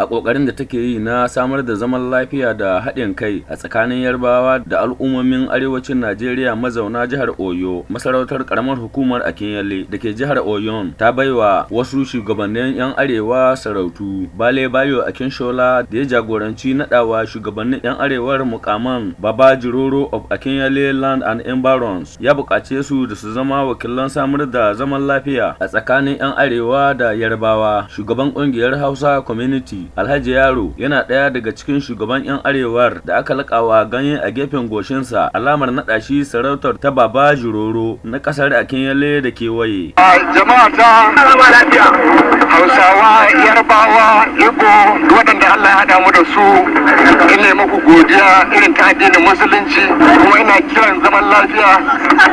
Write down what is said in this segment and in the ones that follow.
a ƙoƙarin da take yi na samar da zaman lafiya da haɗin kai a tsakanin yarbawa da al'ummomin arewacin najeriya mazauna jihar oyo masarautar karamar hukumar akinyele da ke jihar Oyo ta baiwa wasu shugabannin 'yan arewa sarautu bale bayo akinshola da ya jagoranci naɗawa shugabannin 'yan arewar mukaman baba jiroro of akinyele land and environs ya buƙace su da su zama wakilan samar da zaman lafiya a tsakanin 'yan arewa da yarbawa shugaban ƙungiyar hausa community Alhaji Yaro yana ɗaya daga cikin shugaban 'yan arewar da aka lakawa ganye a gefen goshinsa alamar naɗa shi sarautar ta Baba Jiroro na ƙasar Akinyele da kewaye. Jama'a ta Hausawa, Yarbawa, Igbo, waɗanda Allah ya haɗa mu da su zai muku godiya irin ta addinin musulunci kuma ina kiran zaman lafiya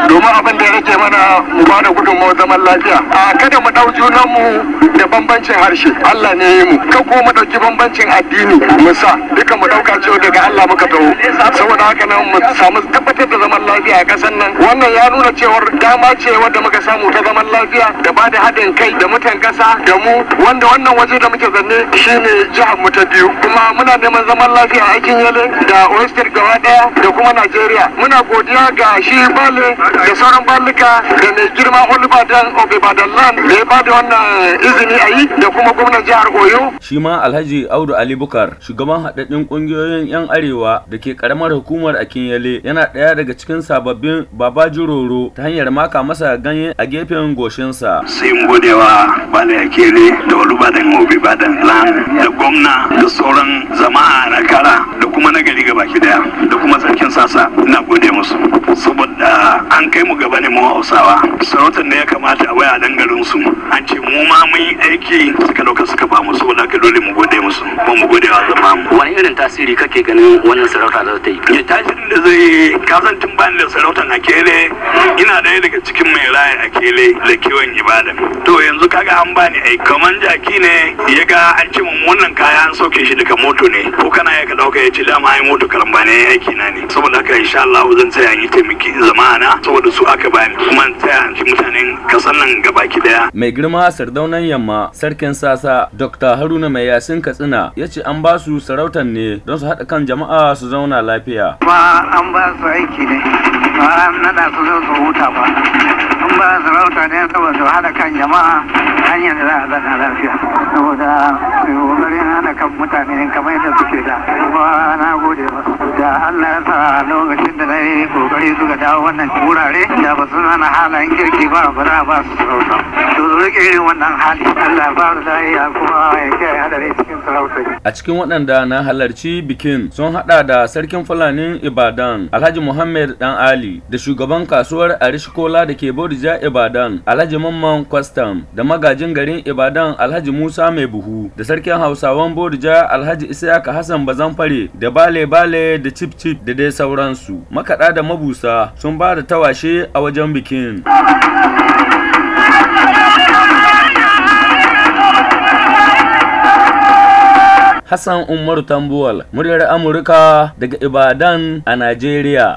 domin abin da ya rage mana mu ba da gudunmawar zaman lafiya a kada mu ɗau junanmu da bambancin harshe Allah ne ya mu kan kuma mu ɗauki bambancin addini mu sa duka mu ɗauka cewa daga Allah muka taho saboda haka nan mu samu tabbatar da zaman lafiya a ƙasar nan wannan ya nuna cewar dama ce wadda muka samu ta zaman lafiya da ba da haɗin kai da mutan kasa da mu wanda wannan waje da muke zanne shine jihar mu ta biyu kuma muna neman zaman lafiya a sarkin yale da oyster gaba daya da kuma Najeriya. Muna godiya ga shi bale da sauran balika da mai girma Olubadan Obebadan Lan da ya bada wannan izini a yi da kuma gwamnan jihar Oyo. Shi ma Alhaji Audu Ali Bukar shugaban haɗaɗɗen ƙungiyoyin 'yan Arewa da ke ƙaramar hukumar Akinyele yana ɗaya daga cikin sababbin Baba Jiroro ta hanyar maka masa ganye a gefen goshinsa. Sai mu gode wa Bale da Olubadan Obebadan Lan da gwamna da sauran jama'a na kara da kuma nagari hausawa sarautar ne ya kamata a waya dan garin su an ce mu ma mun yi aiki suka dauka suka ba mu saboda haka dole mu gode musu mu gode wa zama mu wani irin tasiri kake ganin wannan sarauta za ta yi ya tasirin da zai kasan tun bani da sarautar akele ina daya daga cikin mai raya akele da kiwon ibada to yanzu kaga an bani aiki kaman jaki ne ya ga an ce mun wannan kaya an sauke shi daga moto ne ko kana ya ka dauka ya ce dama ai moto karamba ne aiki na ne saboda haka insha Allah zan tsaya yi taimaki zama saboda su aka bayan kuma taya mutanen kasan nan gabaki daya mai girma sardaunan yamma sarkin sasa dr haruna mai yasin katsina ya ce an ba su sarautan ne don su haɗa kan jama'a su zauna lafiya ba an ba su aiki ne ba an nada su zo su huta ba in ba sarauta ne saboda su hada kan jama'a hanyar da za a zana lafiya saboda kokarin hana kan mutane kamar yadda suke da kuma na gode ba. da Allah ya sa lokacin da na yi ƙoƙari suka dawo wannan wurare da ba su hana halayen kirki ba ba za a ba su sarauta to rike irin wannan hali Allah ba ya kuma ya kiyaye hadari cikin sarauta a cikin waɗanda na halarci bikin sun haɗa da sarkin Fulani Ibadan Alhaji Muhammad Dan Ali da shugaban kasuwar arishikola da ke Bodi Murja Ibadan, Alhaji Mamman Kwastam, da magajin garin Ibadan Alhaji Musa Mai Buhu, da sarkin Hausawan Borja Alhaji Isiyaka Hassan Bazanfare, da Bale Bale da Chip Chip da dai sauransu. Makaɗa da mabusa sun ba da tawashe a wajen bikin. Hassan Umaru Tambuwal, muryar Amurka daga Ibadan a Najeriya.